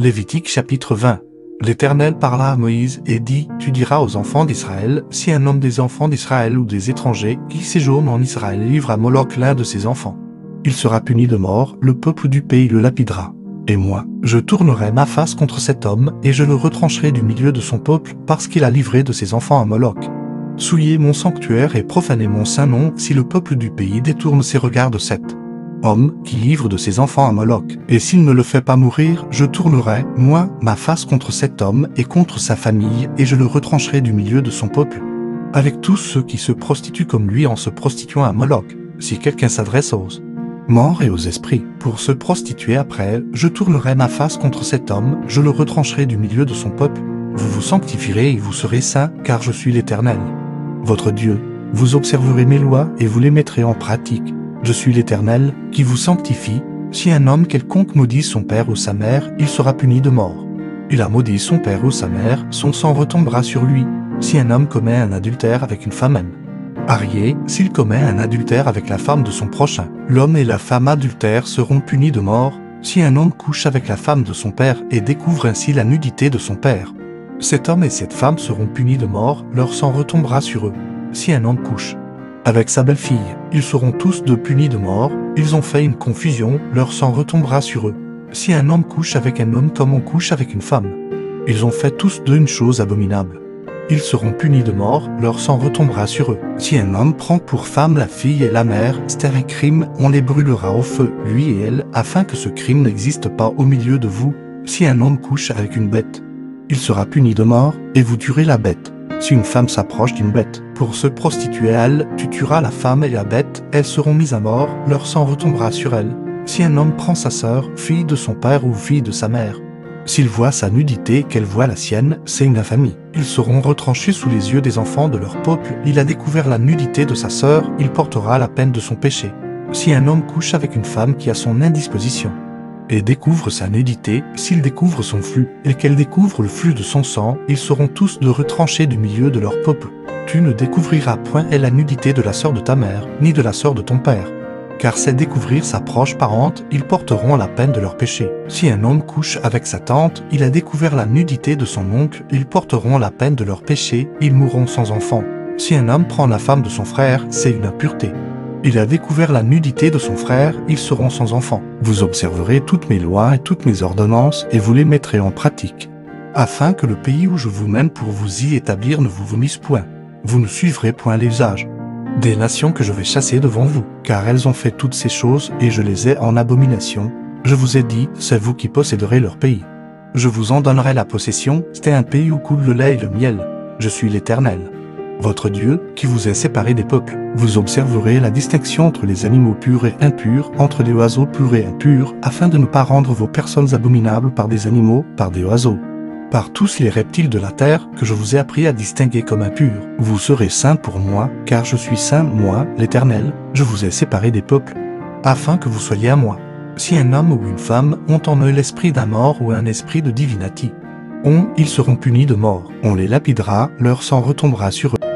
Lévitique chapitre 20 L'Éternel parla à Moïse et dit, Tu diras aux enfants d'Israël, si un homme des enfants d'Israël ou des étrangers qui séjourne en Israël livre à Moloch l'un de ses enfants, il sera puni de mort, le peuple du pays le lapidera. Et moi, je tournerai ma face contre cet homme, et je le retrancherai du milieu de son peuple, parce qu'il a livré de ses enfants à Moloch. Souillez mon sanctuaire et profanez mon saint nom, si le peuple du pays détourne ses regards de cette homme, qui livre de ses enfants à Moloch. Et s'il ne le fait pas mourir, je tournerai, moi, ma face contre cet homme et contre sa famille, et je le retrancherai du milieu de son peuple. Avec tous ceux qui se prostituent comme lui en se prostituant à Moloch, si quelqu'un s'adresse aux morts et aux esprits, pour se prostituer après, je tournerai ma face contre cet homme, je le retrancherai du milieu de son peuple. Vous vous sanctifierez et vous serez saints, car je suis l'Éternel, votre Dieu. Vous observerez mes lois et vous les mettrez en pratique. Je suis l'Éternel, qui vous sanctifie. Si un homme quelconque maudit son père ou sa mère, il sera puni de mort. Il a maudit son père ou sa mère, son sang retombera sur lui. Si un homme commet un adultère avec une femme même. Arié, s'il commet un adultère avec la femme de son prochain, l'homme et la femme adultère seront punis de mort, si un homme couche avec la femme de son père et découvre ainsi la nudité de son père. Cet homme et cette femme seront punis de mort, leur sang retombera sur eux. Si un homme couche avec sa belle-fille. Ils seront tous deux punis de mort, ils ont fait une confusion, leur sang retombera sur eux. Si un homme couche avec un homme comme on couche avec une femme, ils ont fait tous deux une chose abominable. Ils seront punis de mort, leur sang retombera sur eux. Si un homme prend pour femme la fille et la mère, c'est un crime, on les brûlera au feu, lui et elle, afin que ce crime n'existe pas au milieu de vous. Si un homme couche avec une bête, il sera puni de mort, et vous tuerez la bête. Si une femme s'approche d'une bête pour se prostituer à elle, tu tueras la femme et la bête, elles seront mises à mort, leur sang retombera sur elle. Si un homme prend sa sœur, fille de son père ou fille de sa mère, s'il voit sa nudité qu'elle voit la sienne, c'est une infamie. Ils seront retranchés sous les yeux des enfants de leur peuple. Il a découvert la nudité de sa sœur, il portera la peine de son péché. Si un homme couche avec une femme qui a son indisposition, et découvre sa nudité, s'il découvre son flux et qu'elle découvre le flux de son sang, ils seront tous de retranchés du milieu de leur peuple. Tu ne découvriras point la nudité de la sœur de ta mère, ni de la sœur de ton père. Car c'est découvrir sa proche parente, ils porteront la peine de leur péché. Si un homme couche avec sa tante, il a découvert la nudité de son oncle, ils porteront la peine de leur péché, ils mourront sans enfant. Si un homme prend la femme de son frère, c'est une impureté. Il a découvert la nudité de son frère, ils seront sans enfants. Vous observerez toutes mes lois et toutes mes ordonnances et vous les mettrez en pratique, afin que le pays où je vous mène pour vous y établir ne vous vomisse point. Vous ne suivrez point les usages. des nations que je vais chasser devant vous, car elles ont fait toutes ces choses et je les ai en abomination. Je vous ai dit, c'est vous qui posséderez leur pays. Je vous en donnerai la possession, c'est un pays où coule le lait et le miel. Je suis l'Éternel votre Dieu, qui vous est séparé des Vous observerez la distinction entre les animaux purs et impurs, entre les oiseaux purs et impurs, afin de ne pas rendre vos personnes abominables par des animaux, par des oiseaux. Par tous les reptiles de la terre que je vous ai appris à distinguer comme impurs, vous serez saints pour moi, car je suis saint, moi, l'Éternel, je vous ai séparé des afin que vous soyez à moi. Si un homme ou une femme ont en eux l'esprit d'un mort ou un esprit de divinati, on, ils seront punis de mort. On les lapidera, leur sang retombera sur eux.